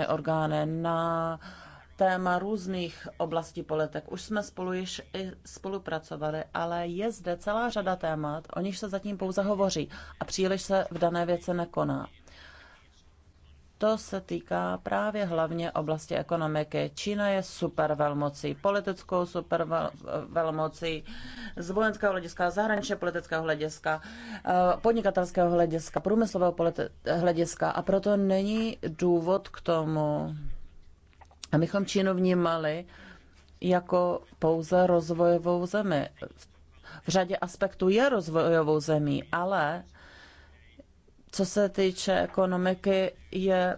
orgány na téma různých oblastí politik. Už jsme spolu již i spolupracovali, ale je zde celá řada témat, o nich se zatím pouze hovoří a příliš se v dané věci nekoná. To se týká právě hlavně oblasti ekonomiky. Čína je supervelmocí, politickou supervelmocí, z vojenského hlediska, zahraničně politického hlediska, eh, podnikatelského hlediska, průmyslového hlediska a proto není důvod k tomu, abychom Čínu vnímali jako pouze rozvojovou zemi. V řadě aspektů je rozvojovou zemí, ale co se týče ekonomiky, je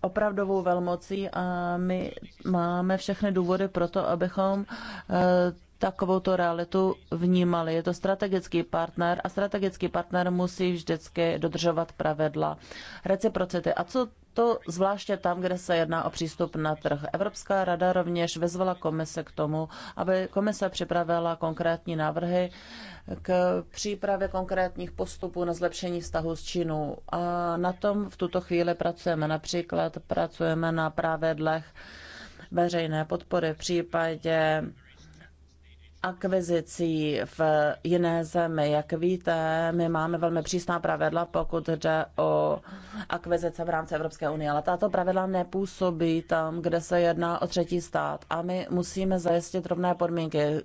opravdovou velmocí a my máme všechny důvody pro to, abychom eh, takovouto realitu vnímali. Je to strategický partner a strategický partner musí vždycky dodržovat pravidla reciprocity. A co to zvláště tam, kde se jedná o přístup na trh. Evropská rada rovněž vyzvala komise k tomu, aby komise připravila konkrétní návrhy k přípravě konkrétních postupů na zlepšení vztahu s Čínou. A na tom v tuto chvíli pracujeme. Například pracujeme na pravidlech veřejné podpory v případě akvizicí v jiné zemi. Jak víte, my máme velmi přísná pravidla, pokud jde o akvizice v rámci Evropské unie, ale tato pravidla nepůsobí tam, kde se jedná o třetí stát a my musíme zajistit rovné podmínky.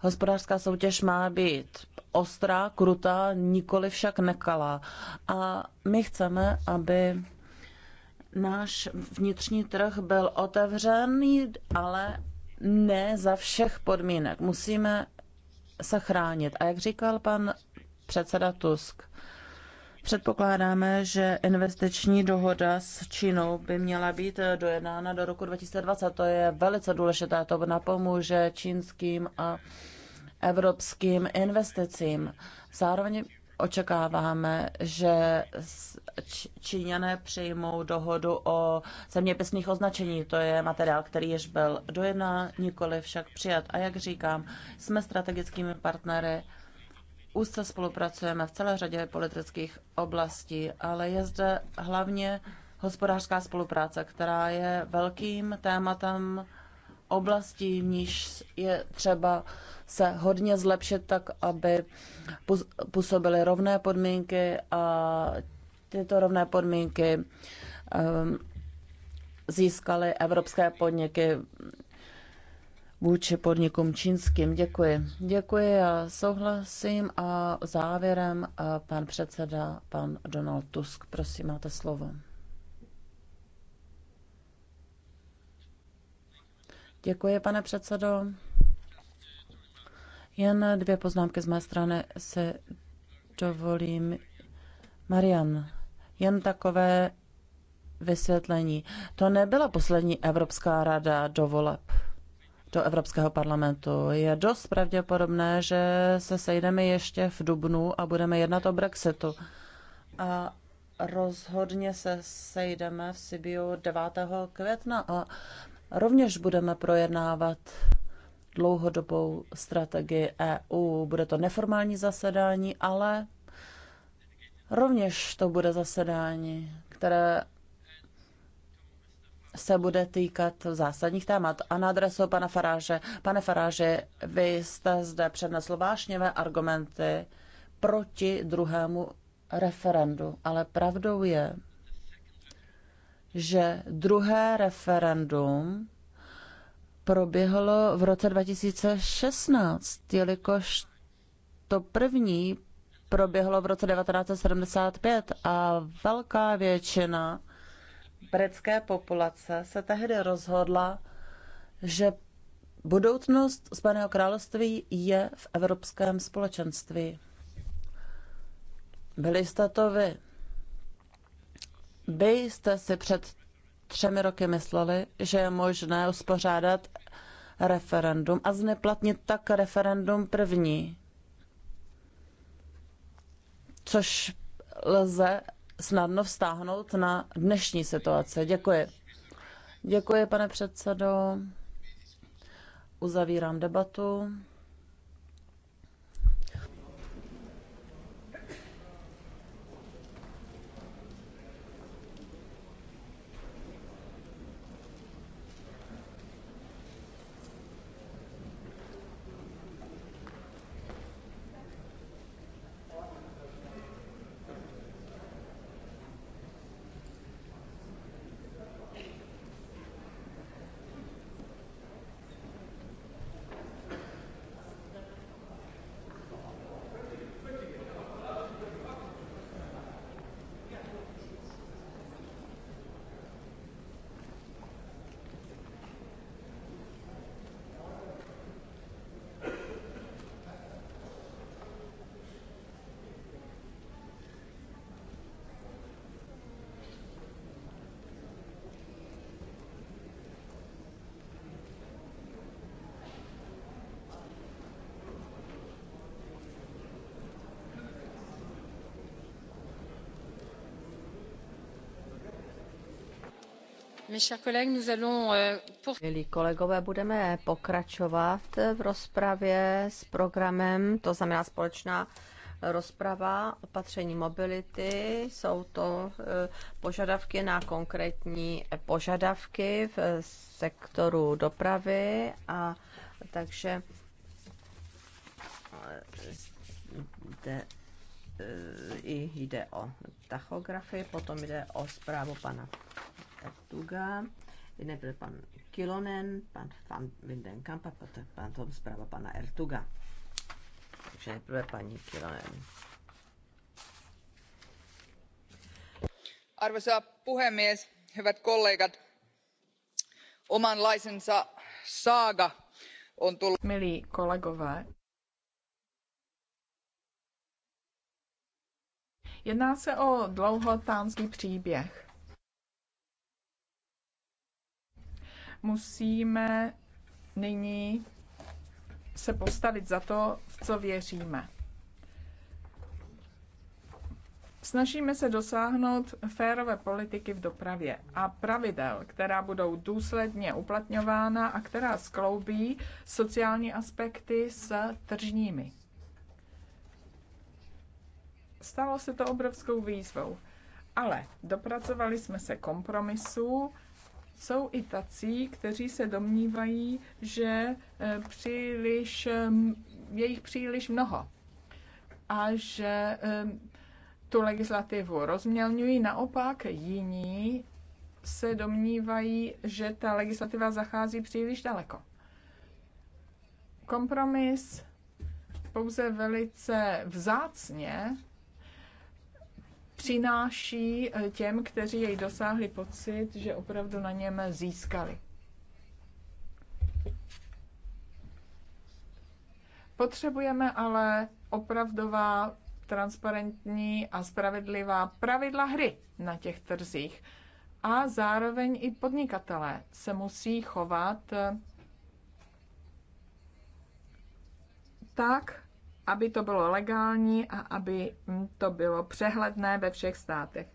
Hospodářská soutěž má být ostrá, krutá, nikoli však nekalá. A my chceme, aby náš vnitřní trh byl otevřený, ale ne za všech podmínek. Musíme se chránit. A jak říkal pan předseda Tusk, Předpokládáme, že investiční dohoda s Čínou by měla být dojednána do roku 2020. To je velice důležité, to napomůže čínským a evropským investicím. Zároveň očekáváme, že Číňané přijmou dohodu o zeměpisných označení. To je materiál, který již byl dojedná, nikoli však přijat. A jak říkám, jsme strategickými partnery, úzce spolupracujeme v celé řadě politických oblastí, ale je zde hlavně hospodářská spolupráce, která je velkým tématem oblastí, v níž je třeba se hodně zlepšit tak, aby působily rovné podmínky a tyto rovné podmínky ehm, získaly evropské podniky vůči podnikům čínským. Děkuji. Děkuji, já souhlasím a závěrem eh, pan předseda, pan Donald Tusk. Prosím, máte slovo. Děkuji, pane předsedo. Jen dvě poznámky z mé strany se dovolím. Marian, jen takové vysvětlení. To nebyla poslední Evropská rada do voleb do Evropského parlamentu. Je dost pravděpodobné, že se sejdeme ještě v Dubnu a budeme jednat o Brexitu. A rozhodně se sejdeme v Sibiu 9. května a Rovněž budeme projednávat dlouhodobou strategii EU. Bude to neformální zasedání, ale rovněž to bude zasedání, které se bude týkat zásadních témat. A na adresu pana Faráže. Pane Faráže, vy jste zde přednesl vášněvé argumenty proti druhému referendu, ale pravdou je, že druhé referendum proběhlo v roce 2016, jelikož to první proběhlo v roce 1975 a velká většina britské populace se tehdy rozhodla, že budoucnost Spojeného království je v Evropském společenství. Byli jste to vy byste si před třemi roky mysleli, že je možné uspořádat referendum a zneplatnit tak referendum první, což lze snadno vztáhnout na dnešní situaci. Děkuji. Děkuji, pane předsedo. Uzavírám debatu. Euh, Milí kolegové, budeme pokračovat v rozpravě s programem, to znamená společná rozprava opatření mobility. Jsou to e, požadavky na konkrétní požadavky v sektoru dopravy a takže zde e, e, i jde o tachografy, potom jde o zprávu pana Ertuga, nejprve pan Kilonen, pan Van Windenkamp a potom pan tom zpráva pana Ertuga. Takže nejprve paní Kilonen. Arvoisa puhemies, hyvät kollegat, omanlaisensa saaga on tullut... Milí kolegové, Jedná se o dlouhotánský příběh musíme nyní se postavit za to, v co věříme. Snažíme se dosáhnout férové politiky v dopravě a pravidel, která budou důsledně uplatňována a která skloubí sociální aspekty s tržními. Stalo se to obrovskou výzvou, ale dopracovali jsme se kompromisů, jsou i tací, kteří se domnívají, že eh, příliš, mm, je jich příliš mnoho a že eh, tu legislativu rozmělňují. Naopak jiní se domnívají, že ta legislativa zachází příliš daleko. Kompromis pouze velice vzácně přináší eh, těm, kteří jej dosáhli pocit, že opravdu na něm získali. Potřebujeme ale opravdová, transparentní a spravedlivá pravidla hry na těch trzích. A zároveň i podnikatelé se musí chovat eh, tak, aby to bylo legální a aby to bylo přehledné ve všech státech.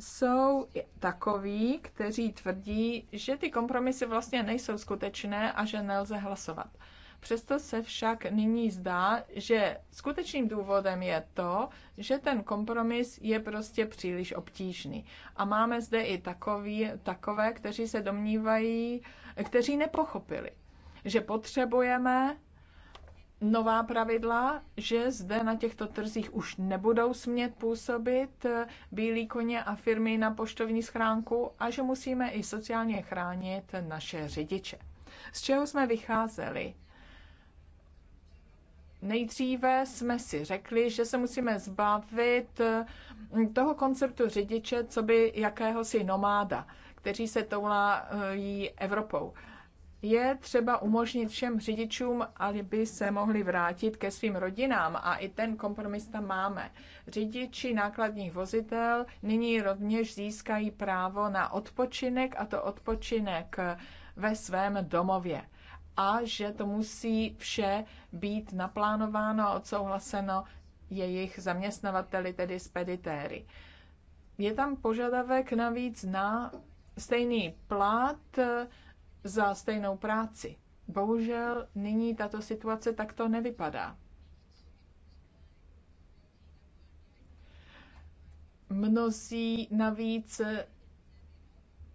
Jsou takoví, kteří tvrdí, že ty kompromisy vlastně nejsou skutečné a že nelze hlasovat. Přesto se však nyní zdá, že skutečným důvodem je to, že ten kompromis je prostě příliš obtížný. A máme zde i takový, takové, kteří se domnívají, kteří nepochopili, že potřebujeme nová pravidla, že zde na těchto trzích už nebudou smět působit eh, bílí koně a firmy na poštovní schránku a že musíme i sociálně chránit naše řidiče. Z čeho jsme vycházeli? Nejdříve jsme si řekli, že se musíme zbavit eh, toho konceptu řidiče, co by jakéhosi nomáda, kteří se toulají Evropou je třeba umožnit všem řidičům, aby se mohli vrátit ke svým rodinám a i ten kompromis tam máme. Řidiči nákladních vozitel nyní rovněž získají právo na odpočinek a to odpočinek ve svém domově. A že to musí vše být naplánováno a odsouhlaseno jejich zaměstnavateli, tedy speditéry. Je tam požadavek navíc na stejný plat za stejnou práci. Bohužel nyní tato situace takto nevypadá. Mnozí navíc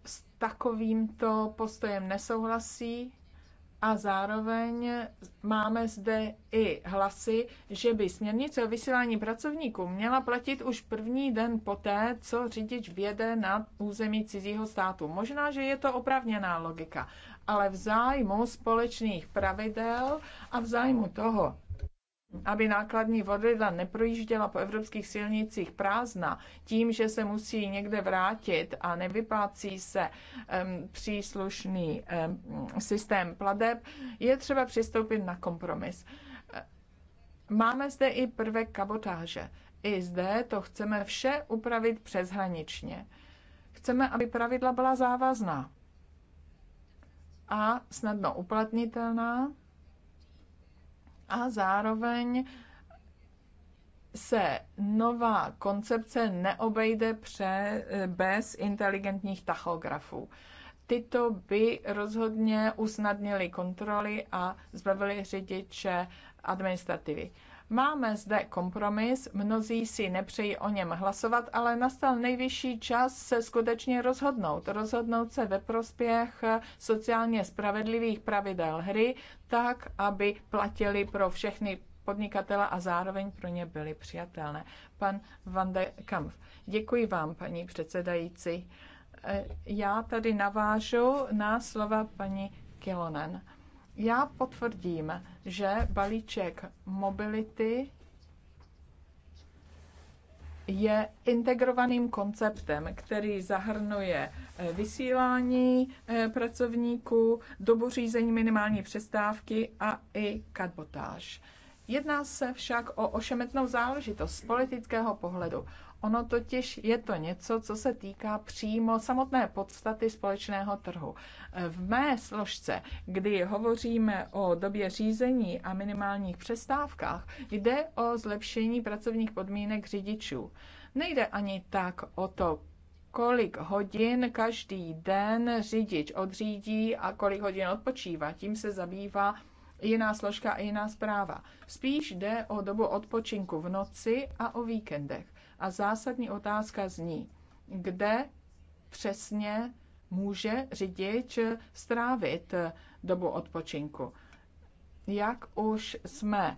s takovýmto postojem nesouhlasí, a zároveň máme zde i hlasy, že by směrnice o vysílání pracovníků měla platit už první den poté, co řidič věde na území cizího státu. Možná, že je to opravněná logika, ale v zájmu společných pravidel a v zájmu toho, aby nákladní vozidla neprojížděla po evropských silnicích prázdna tím, že se musí někde vrátit a nevyplácí se um, příslušný um, systém pladeb, je třeba přistoupit na kompromis. Máme zde i prvek kabotáže. I zde to chceme vše upravit přeshraničně. Chceme, aby pravidla byla závazná a snadno uplatnitelná a zároveň se nová koncepce neobejde pře, bez inteligentních tachografů. Tyto by rozhodně usnadnily kontroly a zbavily řidiče administrativy. Máme zde kompromis, mnozí si nepřejí o něm hlasovat, ale nastal nejvyšší čas se skutečně rozhodnout. Rozhodnout se ve prospěch sociálně spravedlivých pravidel hry, tak, aby platili pro všechny podnikatele a zároveň pro ně byly přijatelné. Pan Van de Kampf, děkuji vám, paní předsedající. E, já tady navážu na slova paní Kilonen já potvrdím, že balíček mobility je integrovaným konceptem, který zahrnuje eh, vysílání eh, pracovníků, dobu řízení minimální přestávky a i kadbotáž. Jedná se však o ošemetnou záležitost z politického pohledu. Ono totiž je to něco, co se týká přímo samotné podstaty společného trhu. V mé složce, kdy hovoříme o době řízení a minimálních přestávkách, jde o zlepšení pracovních podmínek řidičů. Nejde ani tak o to kolik hodin každý den řidič odřídí a kolik hodin odpočívá. Tím se zabývá jiná složka a jiná zpráva. Spíš jde o dobu odpočinku v noci a o víkendech. A zásadní otázka zní, kde přesně může řidič strávit dobu odpočinku. Jak už jsme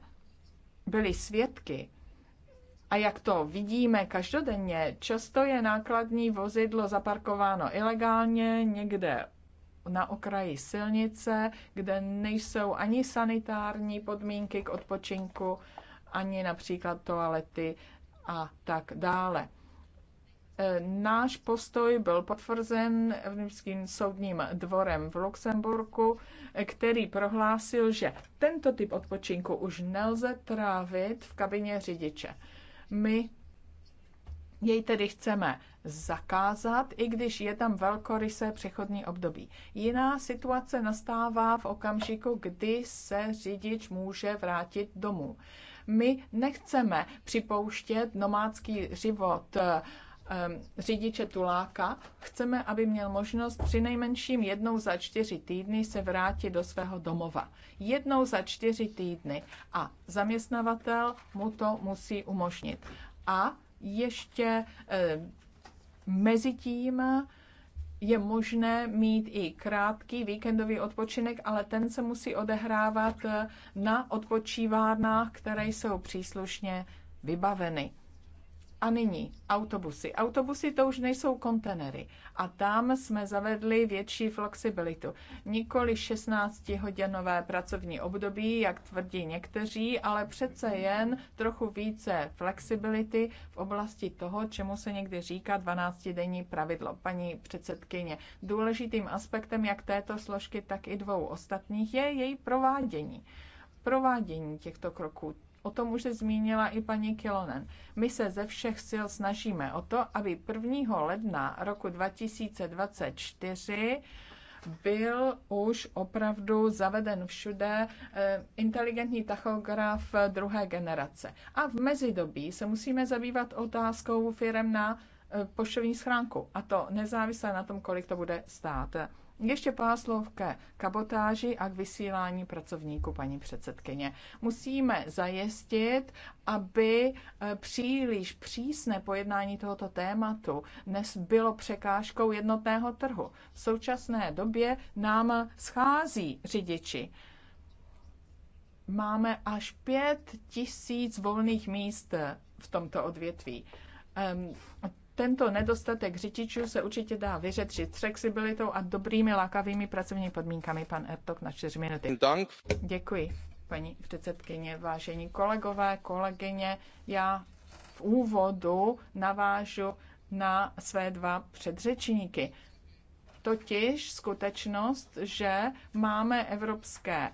byli svědky, a jak to vidíme každodenně, často je nákladní vozidlo zaparkováno ilegálně někde na okraji silnice, kde nejsou ani sanitární podmínky k odpočinku, ani například toalety a tak dále. E, náš postoj byl potvrzen Evropským soudním dvorem v Luxemburku, který prohlásil, že tento typ odpočinku už nelze trávit v kabině řidiče. My jej tedy chceme zakázat, i když je tam velkorysé přechodní období. Jiná situace nastává v okamžiku, kdy se řidič může vrátit domů. My nechceme připouštět nomádský život eh, řidiče tuláka, chceme, aby měl možnost při nejmenším jednou za čtyři týdny se vrátit do svého domova. Jednou za čtyři týdny a zaměstnavatel mu to musí umožnit. A ještě eh, mezi tím je možné mít i krátký víkendový odpočinek, ale ten se musí odehrávat na odpočívárnách, které jsou příslušně vybaveny. A nyní autobusy. Autobusy to už nejsou kontenery. A tam jsme zavedli větší flexibilitu. Nikoli 16-hodinové pracovní období, jak tvrdí někteří, ale přece jen trochu více flexibility v oblasti toho, čemu se někdy říká 12-denní pravidlo. Paní předsedkyně, důležitým aspektem jak této složky, tak i dvou ostatních je její provádění provádění těchto kroků. O tom už se zmínila i paní Kilonen. My se ze všech sil snažíme o to, aby 1. ledna roku 2024 byl už opravdu zaveden všude eh, inteligentní tachograf druhé generace. A v mezidobí se musíme zabývat otázkou firem na eh, poštovní schránku. A to nezávisle na tom, kolik to bude stát. Ještě pár slov ke kabotáži a k vysílání pracovníků, paní předsedkyně. Musíme zajistit, aby eh, příliš přísné pojednání tohoto tématu dnes bylo překážkou jednotného trhu. V současné době nám schází řidiči máme až pět tisíc volných míst v tomto odvětví. Tento nedostatek řidičů se určitě dá vyřešit flexibilitou a dobrými lákavými pracovními podmínkami. Pan Ertok na čtyři minuty. Dank. Děkuji, paní předsedkyně, vážení kolegové, kolegyně. Já v úvodu navážu na své dva předřečníky. Totiž skutečnost, že máme evropské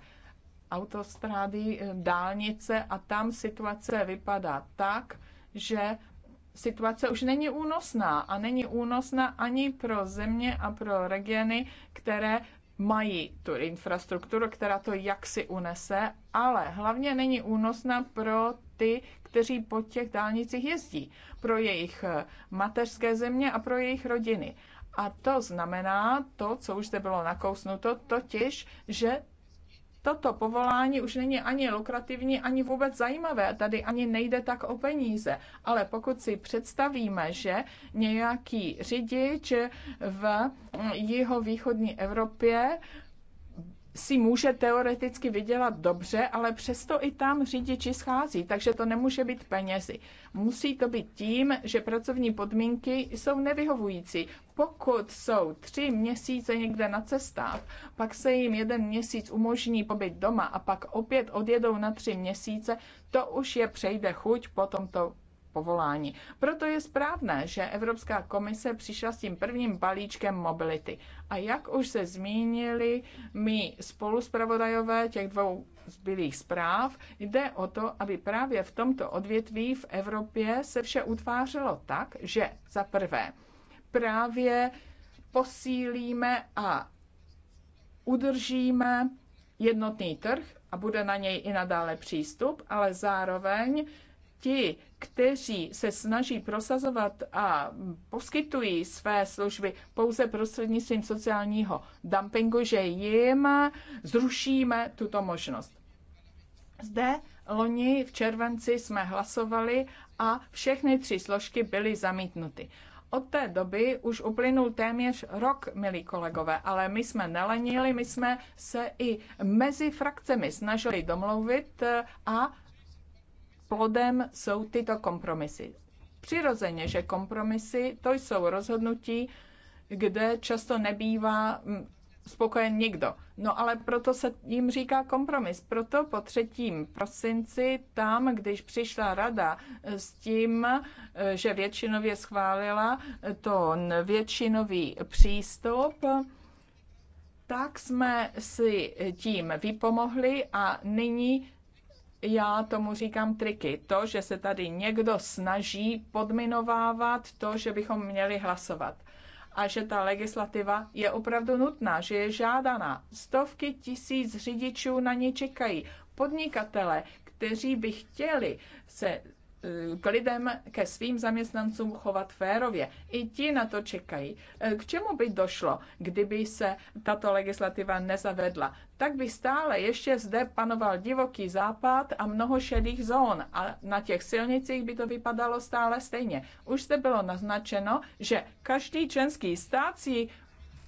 autostrády, dálnice a tam situace vypadá tak, že situace už není únosná a není únosná ani pro země a pro regiony, které mají tu infrastrukturu, která to jaksi unese, ale hlavně není únosná pro ty, kteří po těch dálnicích jezdí, pro jejich eh, mateřské země a pro jejich rodiny. A to znamená to, co už zde bylo nakousnuto, totiž, že toto povolání už není ani lukrativní, ani vůbec zajímavé. Tady ani nejde tak o peníze. Ale pokud si představíme, že nějaký řidič v jeho východní Evropě si může teoreticky vydělat dobře, ale přesto i tam řidiči schází, takže to nemůže být penězi. Musí to být tím, že pracovní podmínky jsou nevyhovující. Pokud jsou tři měsíce někde na cestách, pak se jim jeden měsíc umožní pobyt doma a pak opět odjedou na tři měsíce, to už je přejde chuť po tomto povolání. Proto je správné, že Evropská komise přišla s tím prvním balíčkem mobility. A jak už se zmínili my spoluspravodajové těch dvou zbylých zpráv, jde o to, aby právě v tomto odvětví v Evropě se vše utvářelo tak, že za prvé právě posílíme a udržíme jednotný trh a bude na něj i nadále přístup, ale zároveň ti, kteří se snaží prosazovat a poskytují své služby pouze prostřednictvím sociálního dumpingu, že jim zrušíme tuto možnost. Zde loni v červenci jsme hlasovali a všechny tři složky byly zamítnuty. Od té doby už uplynul téměř rok, milí kolegové, ale my jsme nelenili, my jsme se i mezi frakcemi snažili domluvit a plodem jsou tyto kompromisy. Přirozeně, že kompromisy to jsou rozhodnutí, kde často nebývá mm, spokojen nikdo. No ale proto se jim říká kompromis. Proto po třetím prosinci tam, když přišla rada eh, s tím, eh, že většinově schválila eh, to většinový přístup, tak jsme si tím vypomohli a nyní já tomu říkám triky. To, že se tady někdo snaží podminovávat to, že bychom měli hlasovat a že ta legislativa je opravdu nutná, že je žádaná. Stovky tisíc řidičů na ně čekají. Podnikatele, kteří by chtěli se k lidem, ke svým zaměstnancům chovat férově. I ti na to čekají. K čemu by došlo, kdyby se tato legislativa nezavedla? Tak by stále ještě zde panoval divoký západ a mnoho šedých zón a na těch silnicích by to vypadalo stále stejně. Už zde bylo naznačeno, že každý členský stát si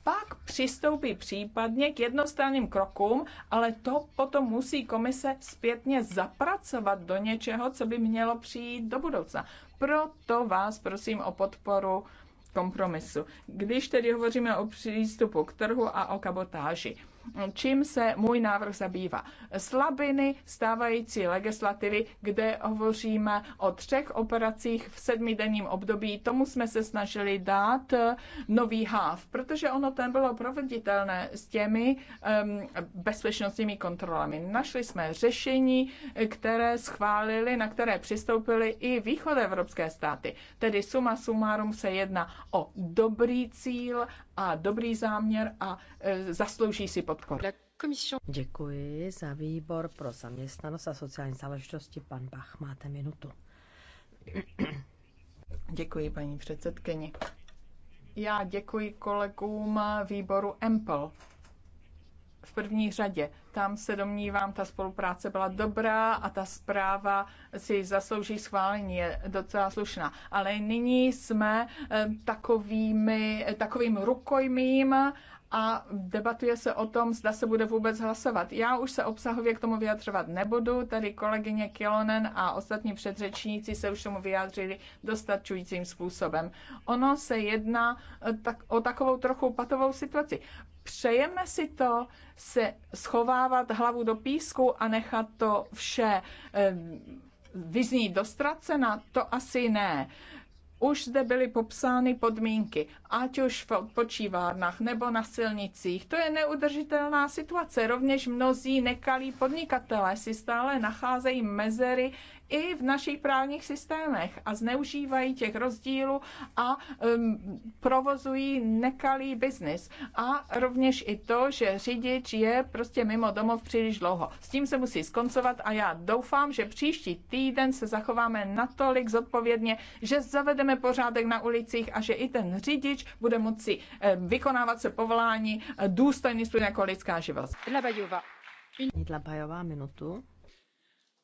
pak přistoupí případně k jednostranným krokům, ale to potom musí komise zpětně zapracovat do něčeho, co by mělo přijít do budoucna. Proto vás prosím o podporu kompromisu. Když tedy hovoříme o přístupu k trhu a o kabotáži čím se můj návrh zabývá. Slabiny stávající legislativy, kde hovoříme o třech operacích v sedmidenním období, tomu jsme se snažili dát eh, nový háv, protože ono ten bylo proveditelné s těmi um, bezpečnostními kontrolami. Našli jsme řešení, které schválili, na které přistoupili i východoevropské státy. Tedy suma sumárum se jedná o dobrý cíl a dobrý záměr a e, zaslouží si podporu odpor. Děkuji za výbor pro zaměstnanost a sociální záležitosti. Pan Bach, máte minutu. Děkuji, paní předsedkyni. Já děkuji kolegům výboru EMPL. V první řadě, tam se domnívám, ta spolupráce byla dobrá a ta zpráva si zaslouží schválení, je docela slušná. Ale nyní jsme eh, takovými, takovým rukojmím a debatuje se o tom, zda se bude vůbec hlasovat. Já už se obsahově k tomu vyjadřovat nebudu, tady kolegyně Kilonen a ostatní předřečníci se už tomu vyjádřili dostačujícím způsobem. Ono se jedná eh, tak, o takovou trochu patovou situaci. Přejeme si to, se schovávat hlavu do písku a nechat to vše eh, vyznít dostracena, to asi ne. Už zde byly popsány podmínky, ať už v počívárnách nebo na silnicích. To je neudržitelná situace. Rovněž mnozí nekalí podnikatelé si stále nacházejí mezery i v našich právních systémech a zneužívají těch rozdílů a um, provozují nekalý biznis. A rovněž i to, že řidič je prostě mimo domov příliš dlouho. S tím se musí skoncovat a já doufám, že příští týden se zachováme natolik zodpovědně, že zavedeme pořádek na ulicích a že i ten řidič bude moci eh, vykonávat se povolání eh, důstojný způsob jako lidská živost. Dlabajová. Bajová minutu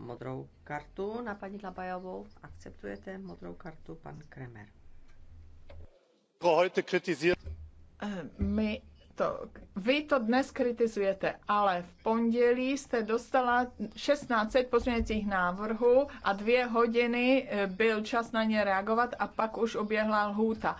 modrou kartu na paní Labajovou. Akceptujete modrou kartu, pan Kremer? Eh, my to, vy to dnes kritizujete, ale v pondělí jste dostala 16 pozměňovacích návrhů a dvě hodiny eh, byl čas na ně reagovat a pak už oběhla lhůta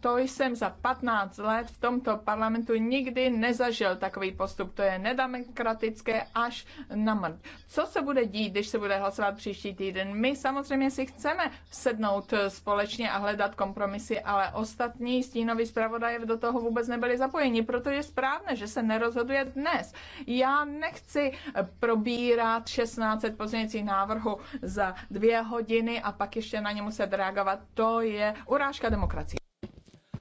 to jsem za 15 let v tomto parlamentu nikdy nezažil takový postup. To je nedemokratické až na mrt. Co se bude dít, když se bude hlasovat příští týden? My samozřejmě si chceme sednout společně a hledat kompromisy, ale ostatní stínoví zpravodaje do toho vůbec nebyli zapojeni, proto je správné, že se nerozhoduje dnes. Já nechci probírat 16 pozměňujících návrhů za dvě hodiny a pak ještě na ně muset reagovat. To je urážka demokracie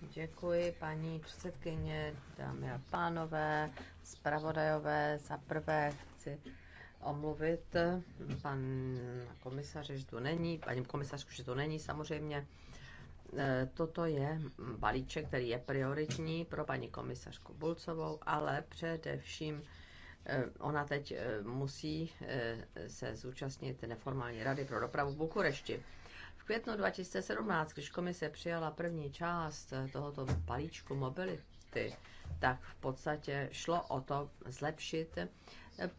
Děkuji, paní předsedkyně, dámy a pánové, zpravodajové. Za prvé chci omluvit pan komisař, že tu není, paní komisařku, že tu není samozřejmě. E, toto je balíček, který je prioritní pro paní komisařku Bulcovou, ale především e, ona teď e, musí se zúčastnit neformální rady pro dopravu v Bukurešti květnu 2017, když komise přijala první část tohoto balíčku mobility, tak v podstatě šlo o to zlepšit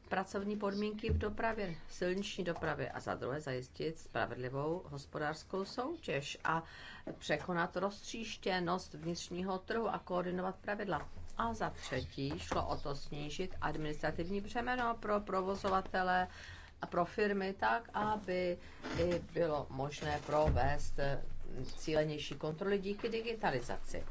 pracovní podmínky v dopravě, silniční dopravě a za druhé zajistit spravedlivou hospodářskou soutěž a překonat roztříštěnost vnitřního trhu a koordinovat pravidla. A za třetí šlo o to snížit administrativní břemeno pro provozovatele a pro firmy tak, aby i bylo možné provést eh, cílenější kontroly díky digitalizaci.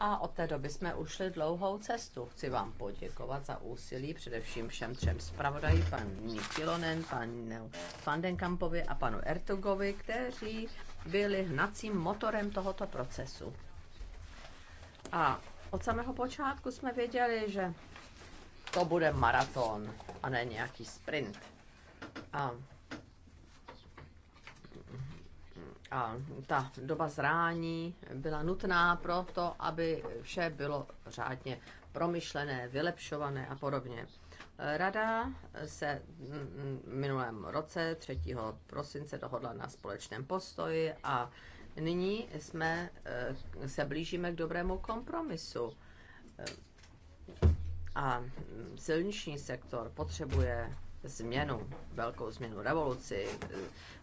A od té doby jsme ušli dlouhou cestu. Chci vám poděkovat za úsilí především všem třem zpravodají, paní Kilonen, panu Fandenkampovi a panu Ertugovi, kteří byli hnacím motorem tohoto procesu. A od samého počátku jsme věděli, že to bude maraton a ne nějaký sprint a, a ta doba zrání byla nutná pro to, aby vše bylo řádně promyšlené, vylepšované a podobně. Rada se v minulém roce 3. prosince dohodla na společném postoji a nyní jsme eh, se blížíme k dobrému kompromisu. Eh, a silniční sektor potřebuje změnu, velkou změnu, revoluci.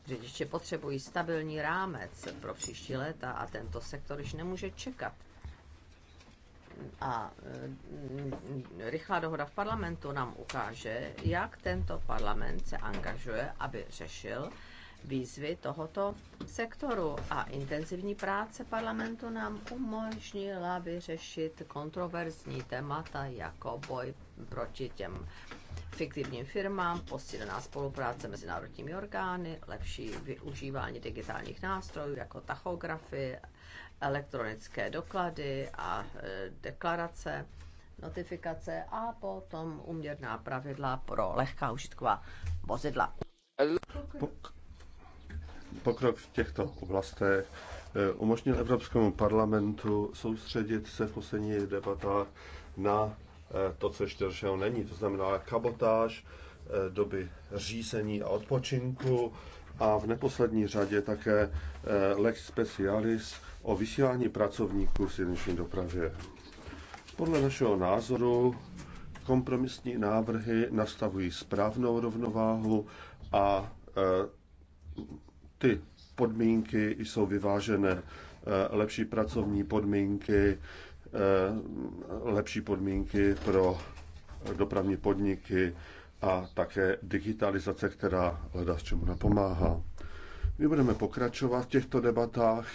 Řidiče potřebují stabilní rámec pro příští léta a tento sektor již nemůže čekat. A mm, rychlá dohoda v parlamentu nám ukáže, jak tento parlament se angažuje, aby řešil výzvy tohoto sektoru a intenzivní práce parlamentu nám umožnila vyřešit kontroverzní témata jako boj proti těm fiktivním firmám, posílená spolupráce mezi národními orgány, lepší využívání digitálních nástrojů jako tachografy, elektronické doklady a e, deklarace, notifikace a potom uměrná pravidla pro lehká užitková vozidla. Po, pokrok v těchto oblastech eh, umožnil Evropskému parlamentu soustředit se v poslední debatách na eh, to, co ještě došel není, to znamená kabotáž, eh, doby řízení a odpočinku a v neposlední řadě také lex specialis o vysílání pracovníků v silniční dopravě. Podle našeho názoru kompromisní návrhy nastavují správnou rovnováhu a ty podmínky jsou vyvážené. Eh, lepší pracovní podmínky, eh, lepší podmínky pro dopravní podniky a také digitalizace, která hledá s čemu napomáhá. My budeme pokračovat v těchto debatách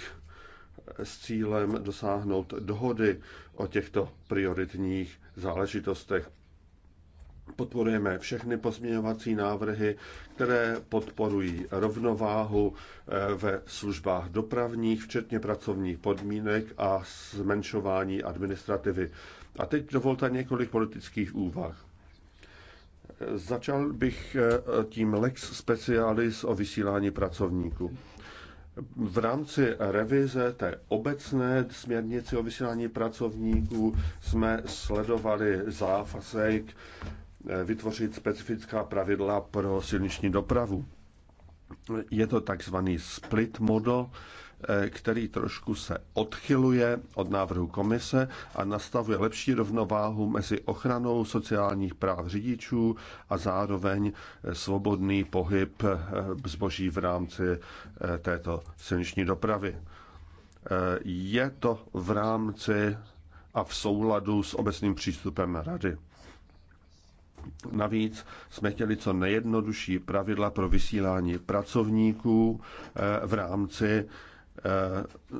s cílem dosáhnout dohody o těchto prioritních záležitostech. Podporujeme všechny pozměňovací návrhy, které podporují rovnováhu eh, ve službách dopravních, včetně pracovních podmínek a zmenšování administrativy. A teď dovolte několik politických úvah. Začal bych eh, tím lex specialis o vysílání pracovníků. V rámci revize té obecné směrnice o vysílání pracovníků jsme sledovali závazek Eh, vytvořit specifická pravidla pro silniční dopravu. Je to takzvaný split model, eh, který trošku se odchyluje od návrhu komise a nastavuje lepší rovnováhu mezi ochranou sociálních práv řidičů a zároveň eh, svobodný pohyb zboží v rámci této silniční dopravy. Je to v rámci a v souladu s obecným přístupem Rady. Navíc jsme chtěli co nejjednodušší pravidla pro vysílání pracovníků eh, v rámci eh,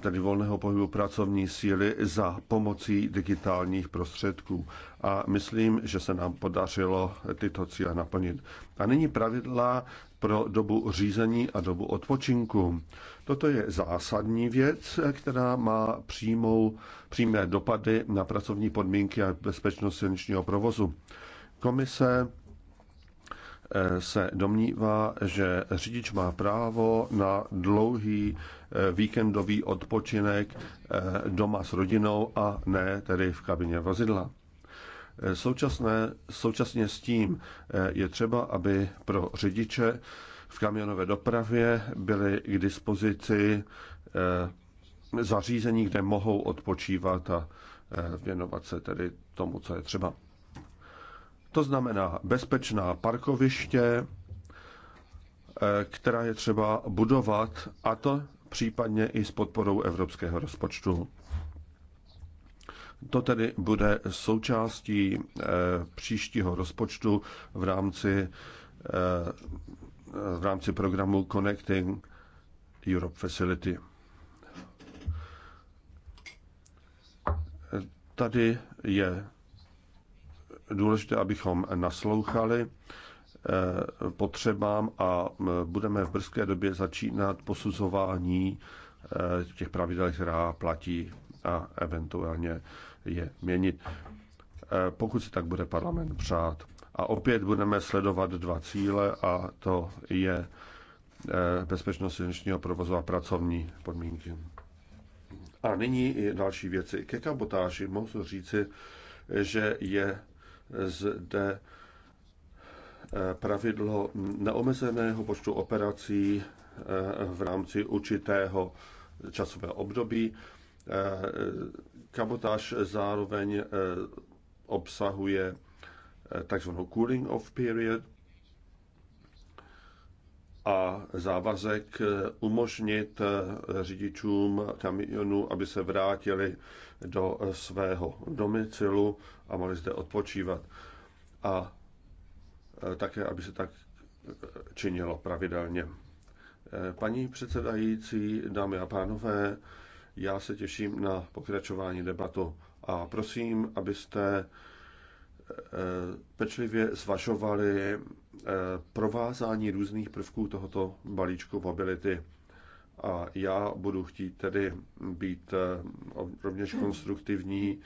tedy volného pohybu pracovní síly za pomocí digitálních prostředků. A myslím, že se nám podařilo tyto cíle naplnit. A nyní pravidla pro dobu řízení a dobu odpočinku. Toto je zásadní věc, která má přímou, přímé dopady na pracovní podmínky a bezpečnost silničního provozu. Komise eh, se domnívá, že řidič má právo na dlouhý eh, víkendový odpočinek eh, doma s rodinou a ne tedy v kabině vozidla. Současné, současně s tím je třeba, aby pro řidiče v kamionové dopravě byly k dispozici zařízení, kde mohou odpočívat a věnovat se tedy tomu, co je třeba. To znamená bezpečná parkoviště, eh, která je třeba budovat, a to případně i s podporou evropského rozpočtu. To tedy bude součástí eh, příštího rozpočtu v rámci, eh, v rámci programu Connecting Europe Facility. Tady je důležité, abychom naslouchali eh, potřebám a eh, budeme v brzké době začínat posuzování eh, těch pravidel, která platí a eventuálně je měnit, pokud si tak bude parlament přát. A opět budeme sledovat dva cíle a to je bezpečnost silničního provozu a pracovní podmínky. A nyní i další věci. Ke kabotáži mohu říci, že je zde eh, pravidlo neomezeného počtu operací eh, v rámci určitého časového období. Eh, kabotáž zároveň obsahuje takzvanou cooling off period, a závazek eh, umožnit eh, řidičům kamionů, aby se vrátili do eh, svého domicilu a mohli zde odpočívat. A také, aby se tak činilo pravidelně. Paní předsedající, dámy a pánové, já se těším na pokračování debatu a prosím, abyste Eh, pečlivě zvažovali eh, provázání různých prvků tohoto balíčku mobility. A já budu chtít tedy být eh, rovněž konstruktivní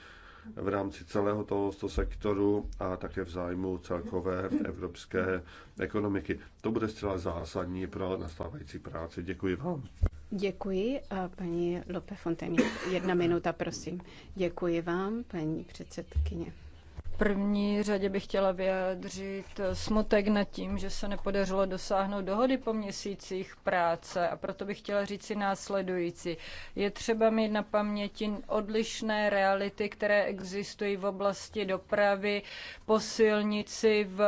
v rámci celého tohoto sektoru a také v zájmu celkové evropské ekonomiky. To bude zcela zásadní pro nastávající práci. Děkuji vám. Děkuji a paní Lope Fontaine. Jedna minuta, prosím. Děkuji vám, paní předsedkyně první řadě bych chtěla vyjádřit smutek nad tím, že se nepodařilo dosáhnout dohody po měsících práce a proto bych chtěla říct si následující. Je třeba mít na paměti odlišné reality, které existují v oblasti dopravy po silnici v,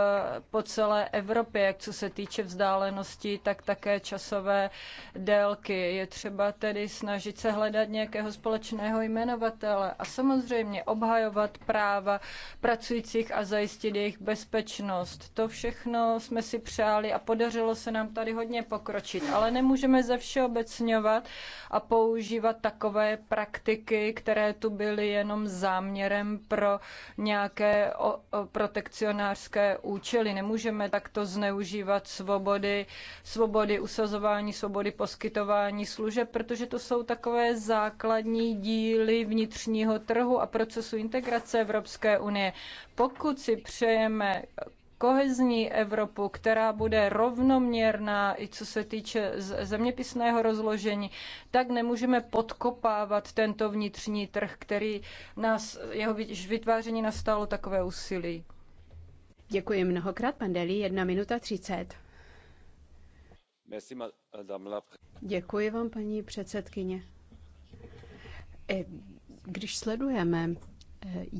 po celé Evropě, jak co se týče vzdálenosti, tak také časové délky. Je třeba tedy snažit se hledat nějakého společného jmenovatele a samozřejmě obhajovat práva pra pracujících a zajistit jejich bezpečnost. To všechno jsme si přáli a podařilo se nám tady hodně pokročit, ale nemůžeme ze všeobecňovat a používat takové praktiky, které tu byly jenom záměrem pro nějaké protekcionářské účely. Nemůžeme takto zneužívat svobody, svobody usazování, svobody poskytování služeb, protože to jsou takové základní díly vnitřního trhu a procesu integrace Evropské unie. Pokud si přejeme kohezní Evropu, která bude rovnoměrná i co se týče zeměpisného rozložení, tak nemůžeme podkopávat tento vnitřní trh, který nás, jeho vytváření nastalo takové úsilí. Děkuji mnohokrát, pan Deli, Jedna minuta třicet. Děkuji vám, paní předsedkyně. Když sledujeme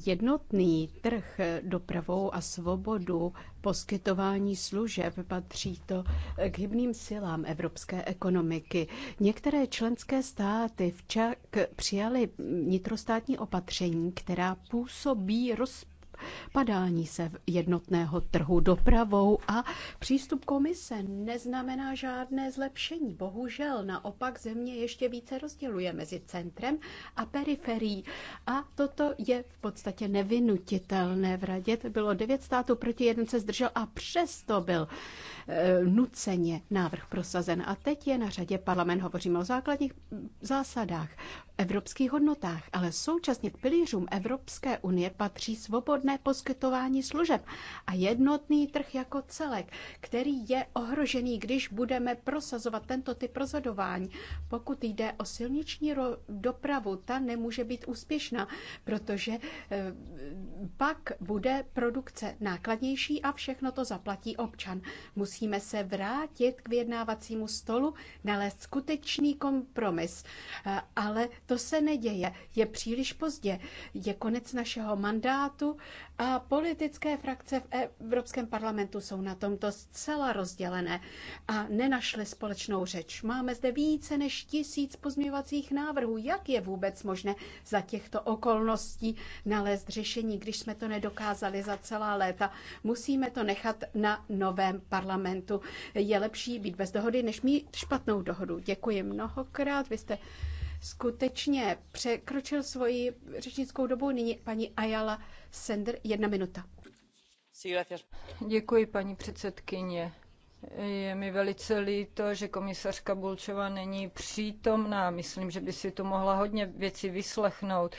Jednotný trh dopravou a svobodu poskytování služeb patří to k hybným silám evropské ekonomiky. Některé členské státy včak přijaly nitrostátní opatření, která působí rozpočet padání se v jednotného trhu dopravou a přístup komise neznamená žádné zlepšení. Bohužel naopak země ještě více rozděluje mezi centrem a periferií a toto je v podstatě nevinutitelné. V radě to bylo devět států proti jeden se zdržel a přesto byl e, nuceně návrh prosazen. A teď je na řadě parlament, hovoříme o základních zásadách evropských hodnotách, ale současně k pilířům Evropské unie patří svobodné poskytování služeb a jednotný trh jako celek, který je ohrožený, když budeme prosazovat tento typ rozhodování. Pokud jde o silniční dopravu, ta nemůže být úspěšná, protože eh, pak bude produkce nákladnější a všechno to zaplatí občan. Musíme se vrátit k vyjednávacímu stolu, nalézt skutečný kompromis, eh, ale to se neděje. Je příliš pozdě. Je konec našeho mandátu a politické frakce v Evropském parlamentu jsou na tomto zcela rozdělené a nenašly společnou řeč. Máme zde více než tisíc pozměňovacích návrhů. Jak je vůbec možné za těchto okolností nalézt řešení, když jsme to nedokázali za celá léta? Musíme to nechat na novém parlamentu. Je lepší být bez dohody, než mít špatnou dohodu. Děkuji mnohokrát. Vy jste skutečně překročil svoji řečnickou dobu. Nyní paní Ayala Sender, jedna minuta. Děkuji, paní předsedkyně. Je mi velice líto, že komisařka Bulčová není přítomná. Myslím, že by si tu mohla hodně věcí vyslechnout.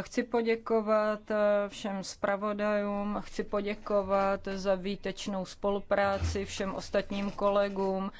Chci poděkovat všem zpravodajům, chci poděkovat za výtečnou spolupráci všem ostatním kolegům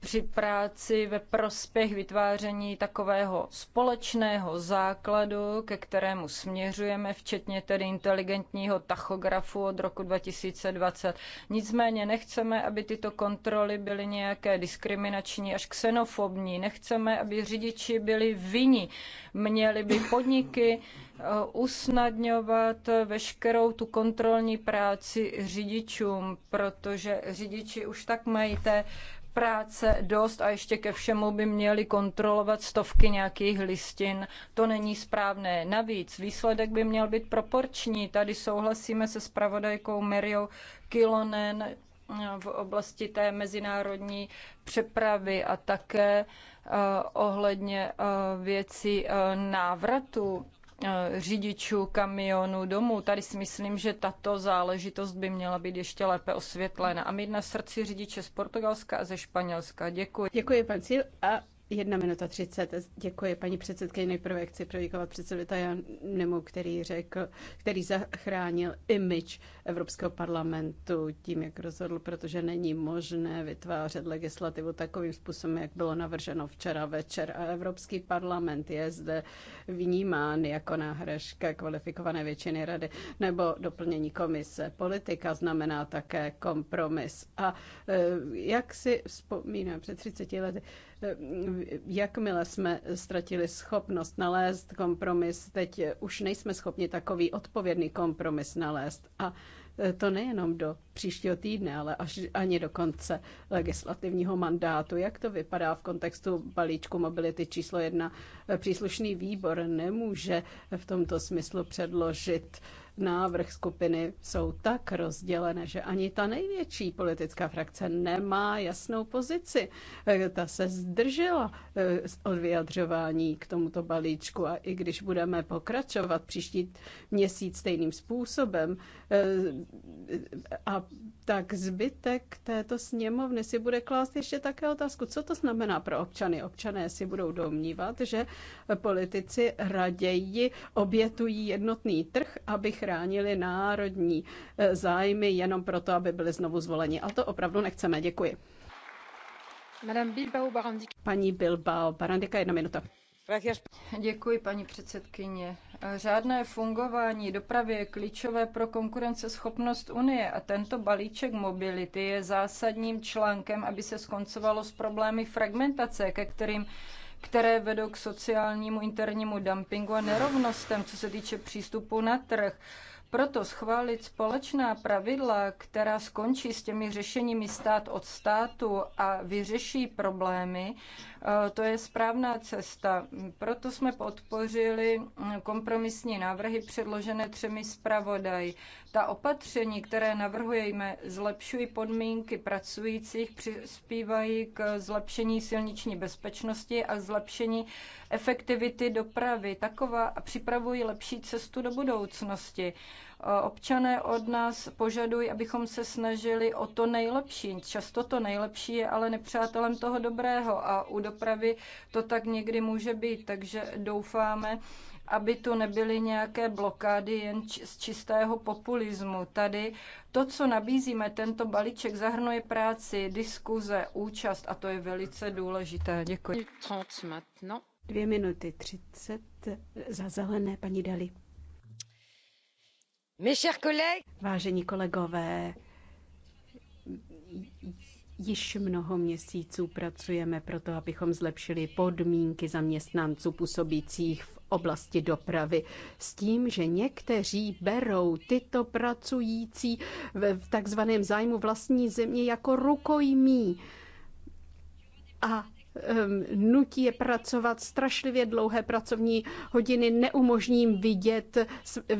při práci ve prospěch vytváření takového společného základu, ke kterému směřujeme, včetně tedy inteligentního tachografu od roku 2020. Nicméně nechceme, aby tyto kontroly byly nějaké diskriminační až xenofobní. Nechceme, aby řidiči byli vinni. Měli by podniky eh, usnadňovat veškerou tu kontrolní práci řidičům, protože řidiči už tak mají té práce dost a ještě ke všemu by měli kontrolovat stovky nějakých listin. To není správné. Navíc výsledek by měl být proporční. Tady souhlasíme se spravodajkou Meriou Kilonen v oblasti té mezinárodní přepravy a také eh, ohledně eh, věcí eh, návratu Eh, řidičů kamionů domů. Tady si myslím, že tato záležitost by měla být ještě lépe osvětlena. A my na srdci řidiče z Portugalska a ze Španělska. Děkuji. Děkuji, pan Cíl. A Jedna minuta třicet. Děkuji paní předsedkyni. Nejprve chci proděkovat předsedovi Tajanemu, který řekl, který zachránil image Evropského parlamentu tím, jak rozhodl, protože není možné vytvářet legislativu takovým způsobem, jak bylo navrženo včera večer. A Evropský parlament je zde vnímán jako náhražka kvalifikované většiny rady nebo doplnění komise. Politika znamená také kompromis. A e, jak si vzpomínám před 30 lety, Jakmile jsme ztratili schopnost nalézt kompromis, teď už nejsme schopni takový odpovědný kompromis nalézt. A to nejenom do příštího týdne, ale až ani do konce legislativního mandátu. Jak to vypadá v kontextu balíčku mobility číslo jedna? Příslušný výbor nemůže v tomto smyslu předložit uh, návrh skupiny jsou tak rozdělené, že ani ta největší politická frakce nemá jasnou pozici. E, ta se zdržela e, od vyjadřování k tomuto balíčku a i když budeme pokračovat příští měsíc stejným způsobem, e, a tak zbytek této sněmovny si bude klást ještě také otázku, co to znamená pro občany. Občané si budou domnívat, že politici raději obětují jednotný trh, abych chránili národní eh, zájmy jenom proto, aby byli znovu zvoleni. A to opravdu nechceme. Děkuji. Paní Bilbao Barandika, jedna minuta. Děkuji, paní předsedkyně. Řádné fungování dopravy je klíčové pro konkurenceschopnost Unie a tento balíček mobility je zásadním článkem, aby se skoncovalo s problémy fragmentace, ke kterým které vedou k sociálnímu internímu dumpingu a nerovnostem, co se týče přístupu na trh. Proto schválit společná pravidla, která skončí s těmi řešeními stát od státu a vyřeší problémy, Eh, to je správná cesta. Proto jsme podpořili eh, kompromisní návrhy předložené třemi zpravodaji. Ta opatření, které navrhujeme, zlepšují podmínky pracujících, přispívají k zlepšení silniční bezpečnosti a zlepšení efektivity dopravy. Taková a připravují lepší cestu do budoucnosti. Občané od nás požadují, abychom se snažili o to nejlepší. Často to nejlepší je ale nepřátelem toho dobrého a u dopravy to tak někdy může být, takže doufáme, aby tu nebyly nějaké blokády jen z čistého populismu. Tady to, co nabízíme, tento balíček zahrnuje práci, diskuze, účast a to je velice důležité. Děkuji. Dvě minuty třicet za zelené, paní Dali. Vážení kolegové, Již mnoho měsíců pracujeme pro to, abychom zlepšili podmínky zaměstnanců působících v oblasti dopravy s tím, že někteří berou tyto pracující v takzvaném zájmu vlastní země jako rukojmí. A Ehm, nutí je pracovat strašlivě dlouhé pracovní hodiny, neumožní jim vidět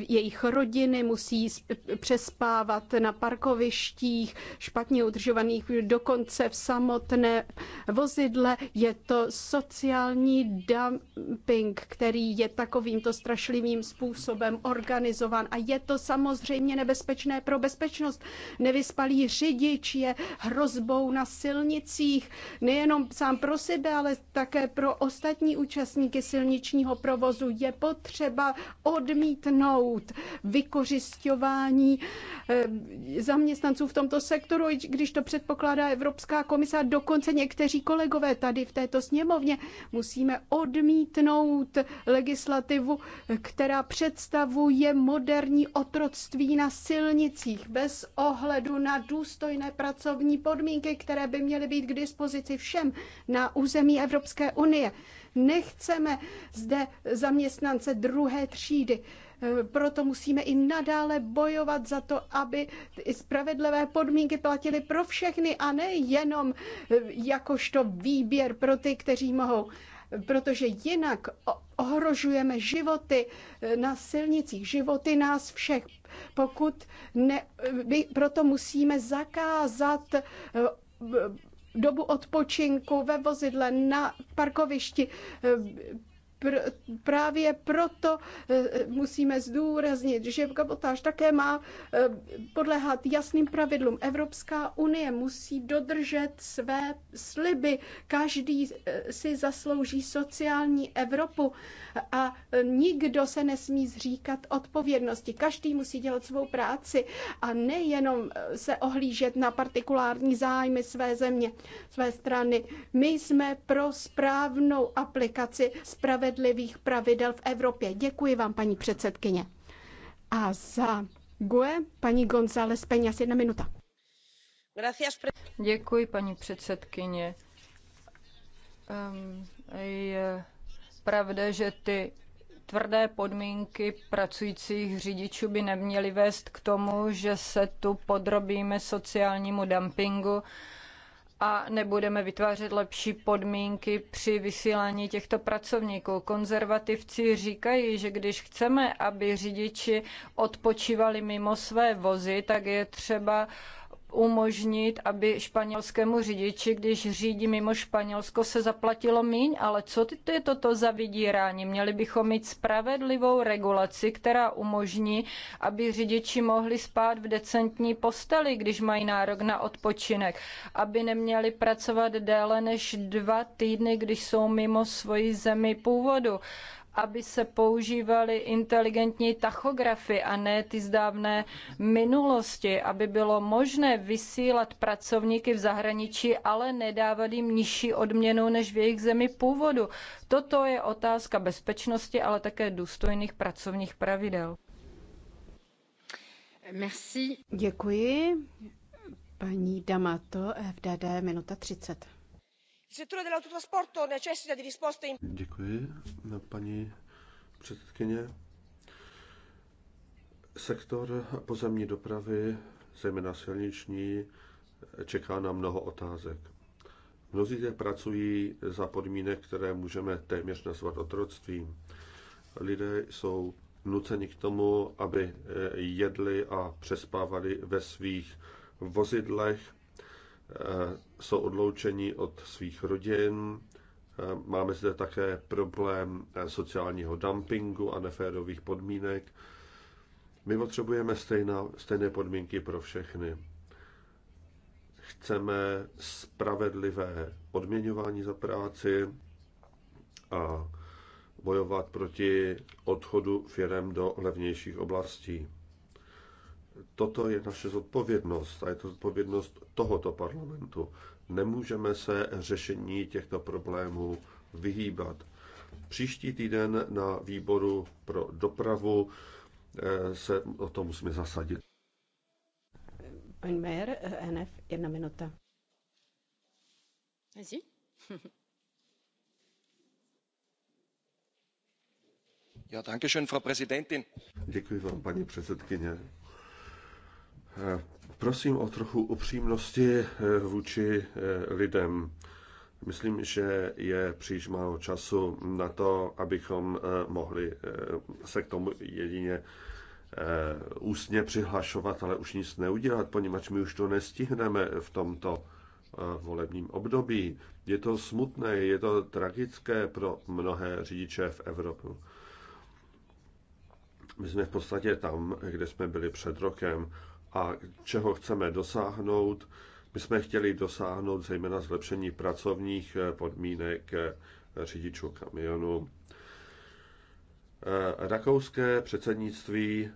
jejich rodiny, musí přespávat na parkovištích, špatně udržovaných, dokonce v samotné vozidle. Je to sociální dumping, který je takovýmto strašlivým způsobem organizován a je to samozřejmě nebezpečné pro bezpečnost. Nevyspalý řidič je hrozbou na silnicích, nejenom sám pro sebe, ale také pro ostatní účastníky silničního provozu. Je potřeba odmítnout vykořišťování eh, zaměstnanců v tomto sektoru, když to předpokládá Evropská komise a dokonce někteří kolegové tady v této sněmovně. Musíme odmítnout legislativu, která představuje moderní otroctví na silnicích bez ohledu na důstojné pracovní podmínky, které by měly být k dispozici všem na území Evropské unie. Nechceme zde zaměstnance druhé třídy. E, proto musíme i nadále bojovat za to, aby spravedlivé podmínky platily pro všechny a ne jenom e, jakožto výběr pro ty, kteří mohou. Protože jinak ohrožujeme životy e, na silnicích, životy nás všech. Pokud ne, proto musíme zakázat dobu odpočinku ve vozidle, na parkovišti. Pr- právě proto eh, musíme zdůraznit, že kabotáž také má eh, podléhat jasným pravidlům. Evropská unie musí dodržet své sliby. Každý eh, si zaslouží sociální Evropu a nikdo se nesmí zříkat odpovědnosti. Každý musí dělat svou práci a nejenom se ohlížet na partikulární zájmy své země, své strany. My jsme pro správnou aplikaci spravedlnosti spravedlivých pravidel v Evropě. Děkuji vám, paní předsedkyně. A za GUE paní González Peňas, jedna minuta. Děkuji, paní předsedkyně. je pravda, že ty tvrdé podmínky pracujících řidičů by neměly vést k tomu, že se tu podrobíme sociálnímu dumpingu a nebudeme vytvářet lepší podmínky při vysílání těchto pracovníků. Konzervativci říkají, že když chceme, aby řidiči odpočívali mimo své vozy, tak je třeba umožnit, aby španělskému řidiči, když řídí mimo Španělsko, se zaplatilo míň, ale co to je toto za vydírání? Měli bychom mít spravedlivou regulaci, která umožní, aby řidiči mohli spát v decentní posteli, když mají nárok na odpočinek, aby neměli pracovat déle než dva týdny, když jsou mimo svoji zemi původu aby se používaly inteligentní tachografy a ne ty z dávné minulosti, aby bylo možné vysílat pracovníky v zahraničí, ale nedávat jim nižší odměnu než v jejich zemi původu. Toto je otázka bezpečnosti, ale také důstojných pracovních pravidel. Merci. Děkuji. Paní Damato, FDD, minuta 30. Děkuji, paní předsedkyně. Sektor pozemní dopravy, zejména silniční, čeká na mnoho otázek. Mnozí zde pracují za podmínek, které můžeme téměř nazvat otroctvím. Lidé jsou nuceni k tomu, aby jedli a přespávali ve svých vozidlech Eh, jsou odloučeni od svých rodin. Eh, máme zde také problém eh, sociálního dumpingu a neférových podmínek. My potřebujeme stejná, stejné podmínky pro všechny. Chceme spravedlivé odměňování za práci a bojovat proti odchodu firem do levnějších oblastí toto je naše zodpovědnost a je to zodpovědnost tohoto parlamentu. Nemůžeme se řešení těchto problémů vyhýbat. Příští týden na výboru pro dopravu eh, se o to musíme zasadit. Paní Mayer, eh, NF, jedna minuta. Asi? Ja, danke schön, Frau Präsidentin. Děkuji vám, paní předsedkyně. Prosím o trochu upřímnosti eh, vůči eh, lidem. Myslím, že je příliš málo času na to, abychom eh, mohli se k tomu jedině ústně přihlašovat, ale už nic neudělat, poněvadž my už to nestihneme v tomto volebním období. Je to smutné, je to tragické pro mnohé řidiče v Evropě. My jsme v podstatě tam, kde jsme byli před rokem a čeho chceme dosáhnout. My jsme chtěli dosáhnout zejména zlepšení pracovních eh, podmínek eh, řidičů kamionu. Eh, rakouské předsednictví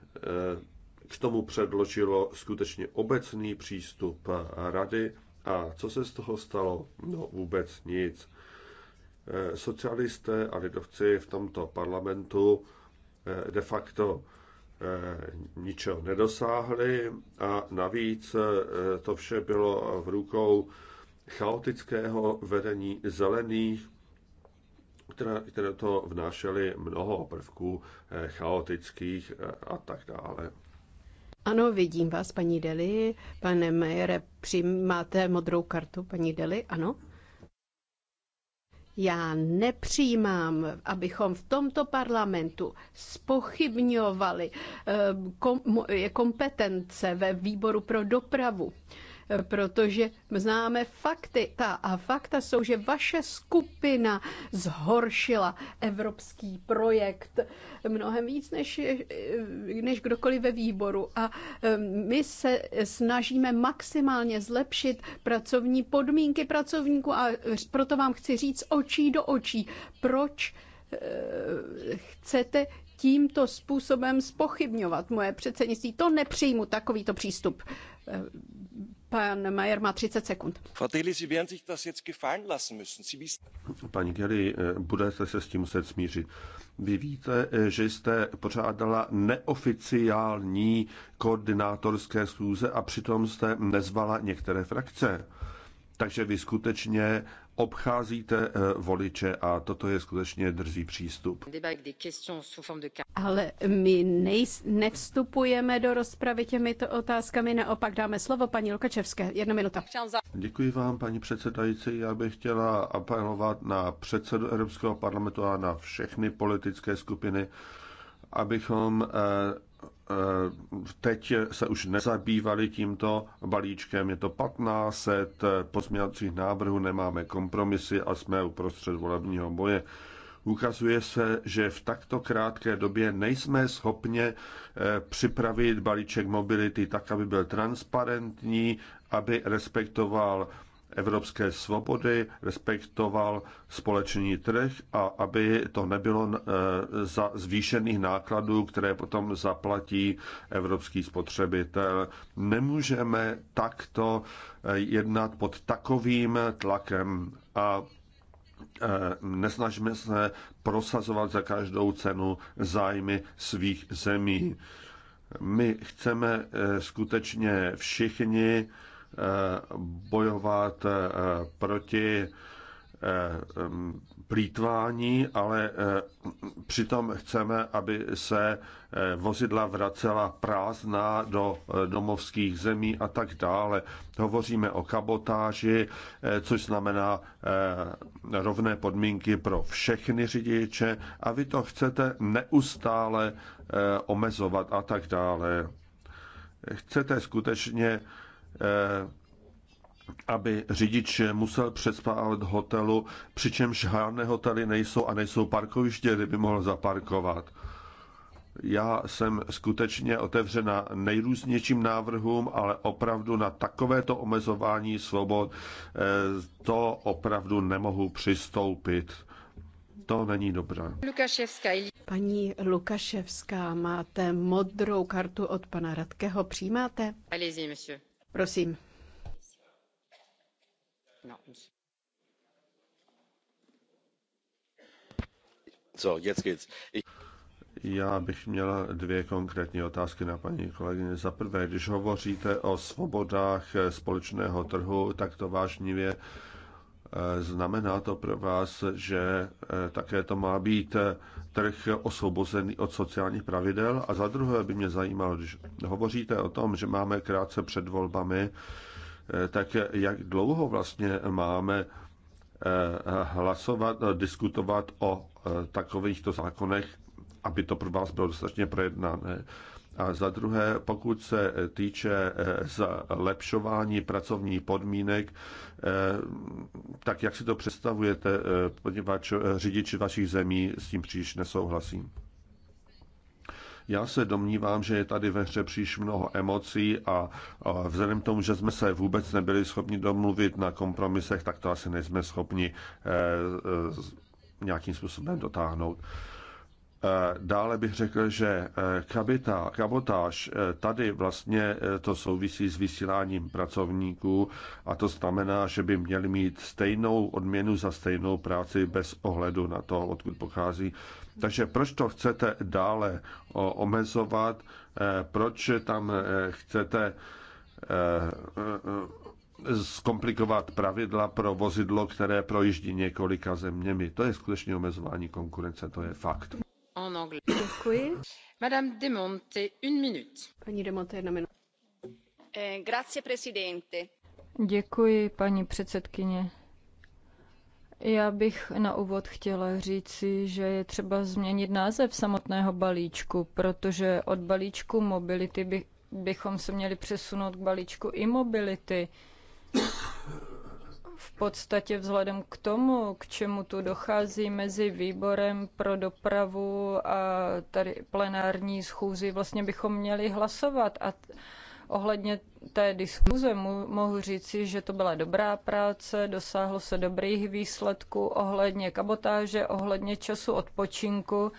k tomu předložilo skutečně obecný přístup rady a co se z toho stalo? No vůbec nic. Socialisté a lidovci v tomto parlamentu de facto Eh, ničeho nedosáhli a navíc eh, to vše bylo v rukou chaotického vedení zelených, které, které to vnášely mnoho prvků eh, chaotických a tak dále. Ano, vidím vás, paní Deli. Pane Mejere, přijímáte modrou kartu, paní Deli? Ano? Já nepřijímám, abychom v tomto parlamentu spochybňovali eh, kompetence ve výboru pro dopravu protože známe fakty. Ta a fakta jsou, že vaše skupina zhoršila evropský projekt mnohem víc než, než kdokoliv ve výboru. A my se snažíme maximálně zlepšit pracovní podmínky pracovníků a proto vám chci říct očí do očí, proč eh, chcete tímto způsobem spochybňovat moje předsednictví. To nepřijmu, takovýto přístup. Pan Majer má 30 sekund. Paní Kelly, eh, budete se s tím muset smířit. Vy víte, eh, že jste pořádala neoficiální koordinátorské schůze a přitom jste nezvala některé frakce. Takže vy skutečně obcházíte eh, voliče a toto je skutečně drzý přístup. Ale my nejs- nevstupujeme do rozpravy těmito otázkami, naopak dáme slovo paní Lukačevské. Jedna minuta. Děkuji vám, paní předsedající. Já bych chtěla apelovat na předsedu Evropského parlamentu a na všechny politické skupiny, abychom eh, Eh, teď se už nezabývali tímto balíčkem. Je to 1500 pozměňovacích návrhů, nemáme kompromisy a jsme uprostřed volebního boje. Ukazuje se, že v takto krátké době nejsme schopni eh, připravit balíček mobility tak, aby byl transparentní, aby respektoval evropské svobody, respektoval společný trh a aby to nebylo eh, za zvýšených nákladů, které potom zaplatí evropský spotřebitel. Nemůžeme takto eh, jednat pod takovým tlakem a eh, nesnažíme se prosazovat za každou cenu zájmy svých zemí. My chceme skutečně všichni bojovat eh, proti eh, plítvání, ale eh, přitom chceme, aby se vozidla vracela prázdná do domovských zemí a tak dále. Hovoříme o kabotáži, což znamená rovné podmínky pro všechny řidiče a vy to chcete neustále omezovat a tak dále. Chcete skutečně Eh, aby řidič musel přespávat hotelu, přičemž žádné hotely nejsou a nejsou parkoviště, kde by mohl zaparkovat. Já jsem skutečně otevřena nejrůznějším návrhům, ale opravdu na takovéto omezování svobod eh, to opravdu nemohu přistoupit. To není dobré. Paní Lukaševská, máte modrou kartu od pana Radkeho, přijímáte? Allez-y, monsieur. Prosím. No. So, Já bych měla dvě konkrétní otázky na paní kolegyně. Za prvé, když hovoříte o svobodách společného trhu, tak to vážnivě Eh, znamená to pro vás, že eh, také to má být eh, trh osvobozený od sociálních pravidel? A za druhé by mě zajímalo, když hovoříte o tom, že máme krátce před volbami, tak jak dlouho vlastně máme hlasovat, diskutovat o takovýchto zákonech, aby to pro vás bylo dostatečně projednané. A za druhé, pokud se týče eh, zlepšování pracovních podmínek, eh, tak jak si to představujete, eh, poněvadž řidiči vašich zemí s tím příliš nesouhlasí? Já se domnívám, že je tady ve hře příliš mnoho emocí a, vzhledem k tomu, že jsme se vůbec nebyli schopni domluvit na kompromisech, tak to asi nejsme schopni nějakým způsobem dotáhnout. Eh, dále bych řekl, že eh, kabita, kabotáž, eh, tady vlastně to souvisí s vysíláním pracovníků a to znamená, že by měli mít stejnou odměnu za stejnou práci bez ohledu na to, odkud pochází. Takže proč to chcete dále omezovat, proč tam chcete zkomplikovat pravidla pro vozidlo, které projíždí několika zeměmi. To je skutečně omezování konkurence, to je fakt. Děkuji. Madame de Monte, Paní de Monte, eh, Děkuji, paní předsedkyně. Já bych na úvod chtěla říci, že je třeba změnit název samotného balíčku, protože od balíčku mobility bychom se měli přesunout k balíčku immobility. V podstatě vzhledem k tomu, k čemu tu dochází mezi výborem pro dopravu a tady plenární schůzi, vlastně bychom měli hlasovat. A ohledně té diskuze mohu říci, že to byla dobrá práce, dosáhlo se dobrých výsledků ohledně kabotáže, ohledně času odpočinku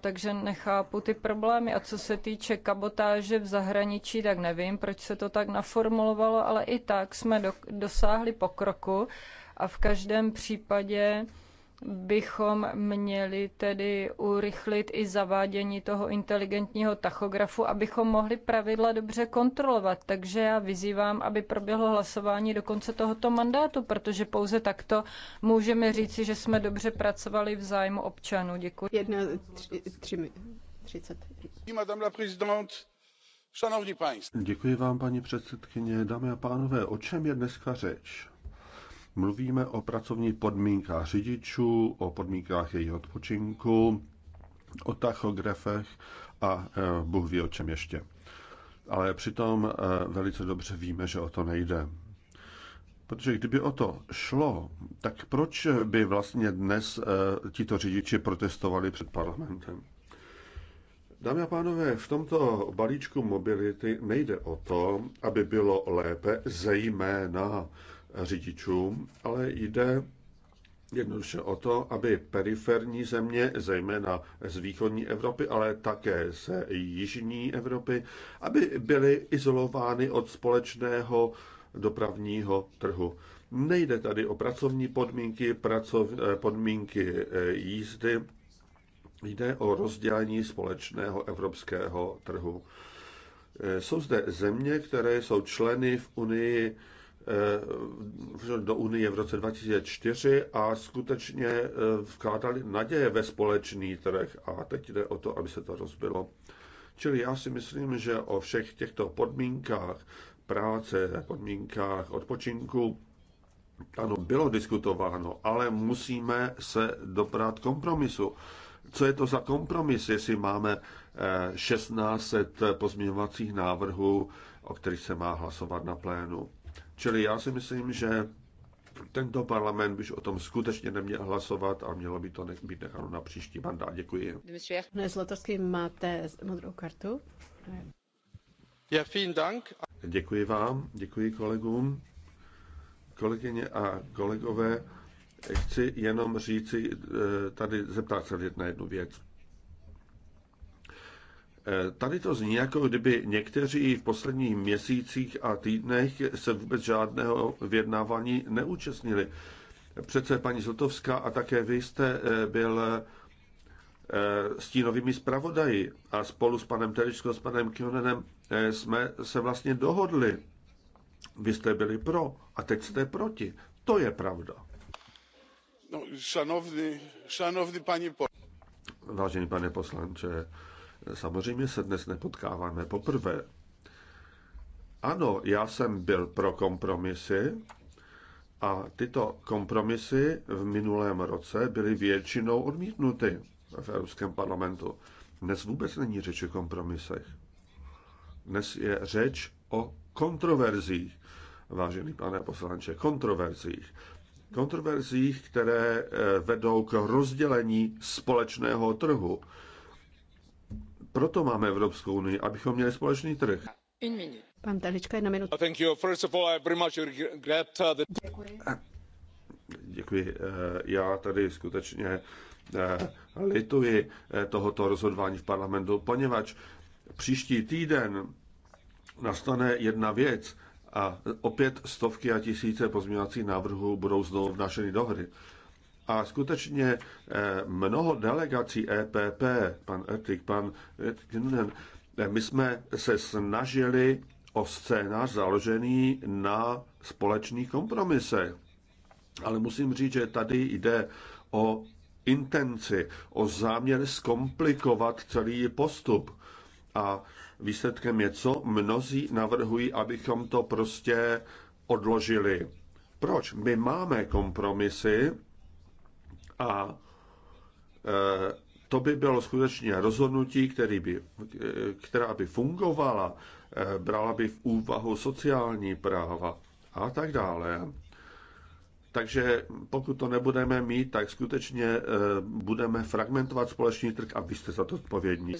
takže nechápu ty problémy. A co se týče kabotáže v zahraničí, tak nevím, proč se to tak naformulovalo, ale i tak jsme dosáhli pokroku a v každém případě bychom měli tedy urychlit i zavádění toho inteligentního tachografu, abychom mohli pravidla dobře kontrolovat. Takže já vyzývám, aby proběhlo hlasování do konce tohoto mandátu, protože pouze takto můžeme říci, že jsme dobře pracovali v zájmu občanů. Děkuji. Jedna, tři, tři, tři, Madame la présidente, Děkuji vám, paní předsedkyně. Dámy a pánové, o čem je dneska řeč? Mluvíme o pracovních podmínkách řidičů, o podmínkách jejich odpočinku, o tachografech a e, Bůh ví o čem ještě. Ale přitom e, velice dobře víme, že o to nejde. Protože kdyby o to šlo, tak proč by vlastně dnes e, tito řidiči protestovali před parlamentem? Dámy a pánové, v tomto balíčku mobility nejde o to, aby bylo lépe, zejména řidičům, ale jde jednoduše o to, aby periferní země, zejména z východní Evropy, ale také z jižní Evropy, aby byly izolovány od společného dopravního trhu. Nejde tady o pracovní podmínky, pracov, eh, podmínky eh, jízdy, jde o rozdělení společného evropského trhu. Eh, jsou zde země, které jsou členy v Unii Eh, do Unie v roce 2004 a skutečně eh, vkládali naděje ve společný trh a teď jde o to, aby se to rozbilo. Čili já si myslím, že o všech těchto podmínkách práce, podmínkách odpočinku, ano, bylo diskutováno, ale musíme se dobrat kompromisu. Co je to za kompromis, jestli máme 1600 eh, pozměňovacích návrhů, o kterých se má hlasovat na plénu? Čili já si myslím, že tento parlament byž o tom skutečně neměl hlasovat a mělo by to ne- být necháno na příští mandát. Děkuji. Pane Zlotovský, máte modrou kartu? Ja, vielen Dank. Děkuji vám, děkuji kolegům. Kolegyně a kolegové, chci jenom říci, eh, tady zeptat se na jednu věc. Eh, tady to zní, jako kdyby někteří v posledních měsících a týdnech se vůbec žádného vyjednávání neúčastnili. Přece paní Zlotovská a také vy jste eh, byl eh, stínovými zpravodaji a spolu s panem Teličkou, s panem Kionenem jsme se vlastně dohodli. Vy jste byli pro a teď jste proti. To je pravda. No, šanovný, šanovný paní po... Vážený pane poslanče, Samozřejmě se dnes nepotkáváme poprvé. Ano, já jsem byl pro kompromisy a tyto kompromisy v minulém roce byly většinou odmítnuty v Evropském parlamentu. Dnes vůbec není řeč o kompromisech. Dnes je řeč o kontroverzích, vážený pane poslanče, kontroverzích. Kontroverzích, které eh, vedou k rozdělení společného trhu proto máme Evropskou unii, abychom měli společný trh. Pan Telička, jedna minuta. Uh, děkuji. Děkuji. Eh, já tady skutečně eh, lituji eh, tohoto rozhodování v parlamentu, poněvadž příští týden nastane jedna věc a opět stovky a tisíce pozměňovacích návrhů budou znovu vnášeny do hry. A skutečně eh, mnoho delegací EPP, pan Ertik, pan Ertikunen, eh, my jsme se snažili o scénář založený na společných kompromisech. Ale musím říct, že tady jde o intenci, o záměr zkomplikovat celý postup. A výsledkem je co? Mnozí navrhují, abychom to prostě odložili. Proč? My máme kompromisy, a e, to by bylo skutečně rozhodnutí, který by, e, která by fungovala, e, brala by v úvahu sociální práva a tak dále. Takže pokud to nebudeme mít, tak skutečně budeme fragmentovat společný trh a vy jste za to odpovědní.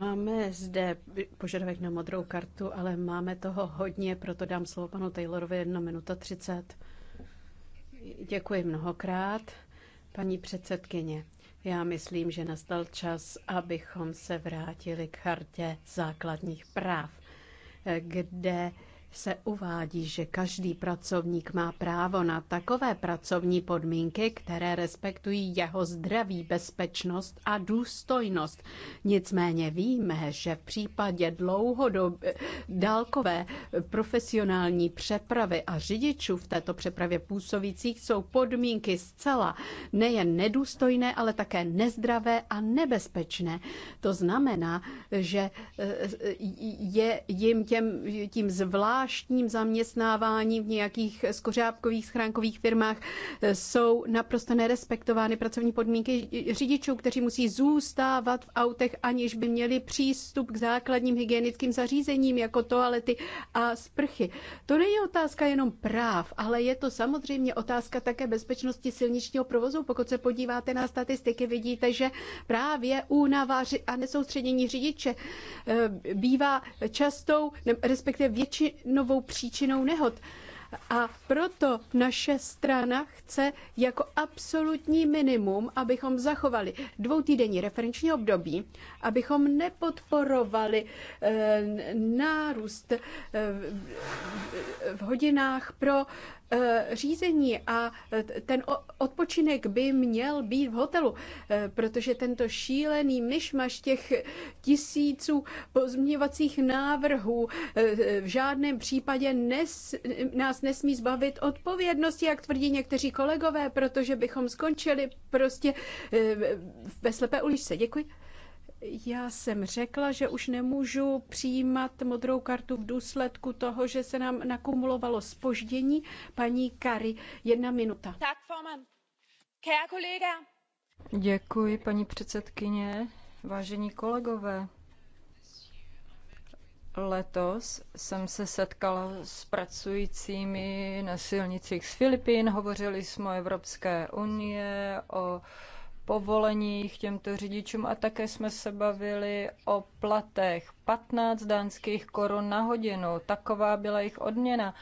Máme zde požadavek na modrou kartu, ale máme toho hodně, proto dám slovo panu Taylorovi 1 minuta 30. Děkuji mnohokrát. Paní předsedkyně, já myslím, že nastal čas, abychom se vrátili k chartě základních práv, kde se uvádí, že každý pracovník má právo na takové pracovní podmínky, které respektují jeho zdraví, bezpečnost a důstojnost. Nicméně víme, že v případě dlouhodobé dálkové profesionální přepravy a řidičů v této přepravě působících jsou podmínky zcela nejen nedůstojné, ale také nezdravé a nebezpečné. To znamená, že eh, je jim těm, tím zvlášť zvláštním zaměstnávání v nějakých skořápkových schránkových firmách eh, jsou naprosto nerespektovány pracovní podmínky řidičů, kteří musí zůstávat v autech, aniž by měli přístup k základním hygienickým zařízením, jako toalety a sprchy. To není otázka jenom práv, ale je to samozřejmě otázka také bezpečnosti silničního provozu. Pokud se podíváte na statistiky, vidíte, že právě únava a nesoustředění řidiče eh, bývá častou, respektive většinou novou příčinou nehod. A proto naše strana chce jako absolutní minimum, abychom zachovali dvoutýdenní referenční období, abychom nepodporovali e, nárůst e, v hodinách pro Eh, řízení a eh, ten odpočinek by měl být v hotelu, eh, protože tento šílený myšmaš těch tisíců pozměňovacích návrhů v žádném případě nes, nás nesmí zbavit odpovědnosti, jak tvrdí někteří kolegové, protože bychom skončili prostě ve slepé uličce. Děkuji. Já jsem řekla, že už nemůžu přijímat modrou kartu v důsledku toho, že se nám nakumulovalo spoždění. Paní kari, jedna minuta. Děkuji, paní předsedkyně. Vážení kolegové, letos jsem se setkala s pracujícími na silnicích z Filipín. Hovořili jsme o Evropské unie, o povolení k těmto řidičům a také jsme se bavili o platech 15 dánských korun na hodinu. Taková byla jejich odměna.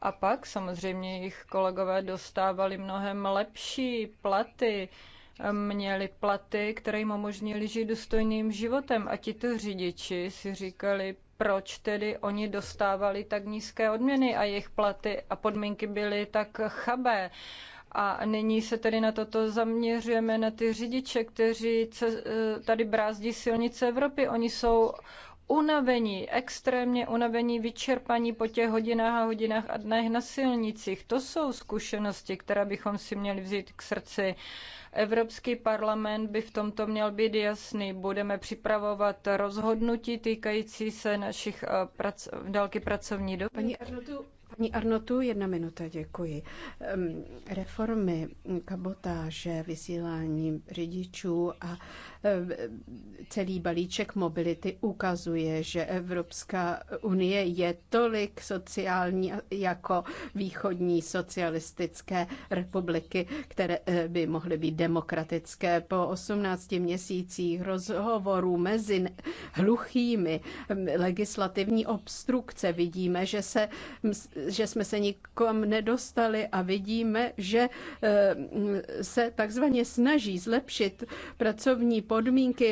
A pak samozřejmě jejich kolegové dostávali mnohem lepší platy, měli platy, které jim umožnili žít důstojným životem. A tito řidiči si říkali, proč tedy oni dostávali tak nízké odměny a jejich platy a podmínky byly tak chabé. A nyní se tedy na toto zaměřujeme na ty řidiče, kteří e, tady brázdí silnice Evropy. Oni jsou unavení, extrémně unavení, vyčerpaní po těch hodinách a hodinách a dnech na silnicích. To jsou zkušenosti, které bychom si měli vzít k srdci. Evropský parlament by v tomto měl být jasný. Budeme připravovat rozhodnutí týkající se našich e, prac, dálky pracovní doby. Paní Arnotu, Paní Arnotu, jedna minuta, děkuji. Reformy kabotáže, vysílání řidičů a Eh, celý balíček mobility ukazuje, že Evropská unie je tolik sociální jako východní socialistické republiky, které eh, by mohly být demokratické. Po 18 měsících rozhovorů mezi hluchými mm, legislativní obstrukce vidíme, že, se, mm, že jsme se nikom nedostali a vidíme, že eh, mm, se takzvaně snaží zlepšit pracovní podmínky